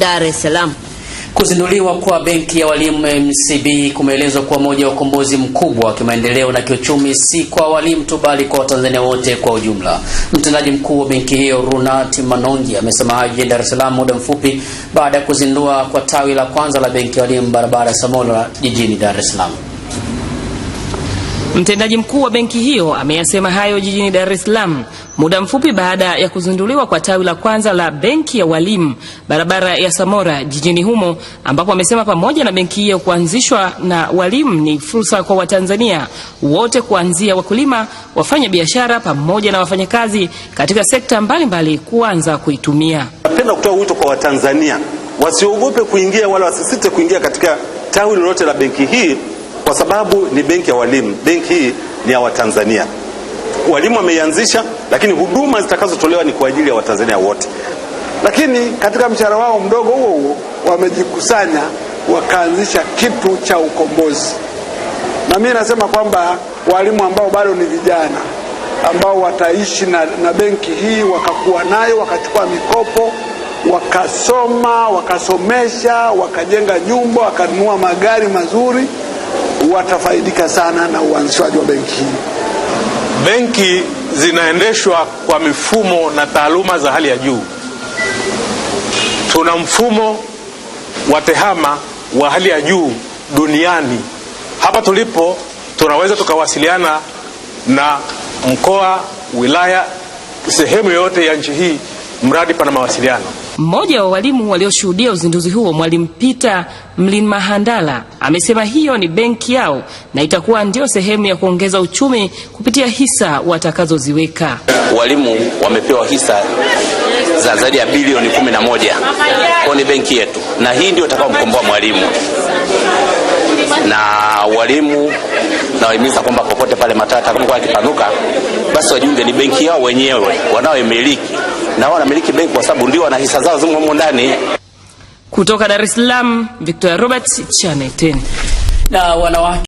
Dar es Salaam. Kuzinduliwa kwa benki ya walimu MCB kumeelezwa kuwa moja ya ukombozi mkubwa wa kimaendeleo na kiuchumi, si kwa walimu tu, bali kwa Watanzania wote kwa ujumla. Mtendaji mkuu wa benki hiyo Runat Manongi amesema hayo jijini Dar es Salaam muda mfupi baada ya kuzindua kwa tawi la kwanza la benki ya walimu barabara ya Samora jijini Dar es Salaam. Mtendaji mkuu wa benki hiyo ameyasema hayo jijini Dar es Salaam muda mfupi baada ya kuzinduliwa kwa tawi la kwanza la benki ya walimu barabara ya Samora jijini humo, ambapo amesema pamoja na benki hiyo kuanzishwa na walimu, ni fursa kwa Watanzania wote kuanzia wakulima, wafanya biashara pamoja na wafanyakazi katika sekta mbalimbali mbali kuanza kuitumia. Napenda kutoa wito kwa Watanzania wasiogope kuingia wala wasisite kuingia katika tawi lolote la benki hii kwa sababu ni benki ya walimu. Benki hii ni ya Watanzania, walimu wameianzisha, lakini huduma zitakazotolewa ni kwa ajili ya Watanzania wote. Lakini katika mshahara wao mdogo huo huo wamejikusanya wakaanzisha kitu cha ukombozi, na mimi nasema kwamba walimu ambao bado ni vijana ambao wataishi na, na benki hii wakakuwa nayo wakachukua mikopo wakasoma wakasomesha wakajenga nyumba wakanunua magari mazuri watafaidika sana na uanzishwaji wa benki hii. Benki zinaendeshwa kwa mifumo na taaluma za hali ya juu. Tuna mfumo wa tehama wa hali ya juu duniani. Hapa tulipo tunaweza tukawasiliana na mkoa, wilaya, sehemu yoyote ya nchi hii mradi pana mawasiliano. Mmoja wa walimu walioshuhudia uzinduzi huo, Mwalimu Peter Mlinmahandala, amesema hiyo ni benki yao na itakuwa ndio sehemu ya kuongeza uchumi kupitia hisa watakazoziweka. Walimu wamepewa hisa za zaidi ya bilioni kumi na moja kwa ni benki yetu, na hii ndio itakaomkomboa mwalimu na walimu nawahimiza kwamba popote pale Matata kipanuka, basi wajiunge, ni benki yao wenyewe wanaoimiliki na wao wanamiliki benki kwa sababu ndio wana hisa zao zimo ndani. Kutoka Dar es Salaam, Victor Robert, Channel 10. Na wanawake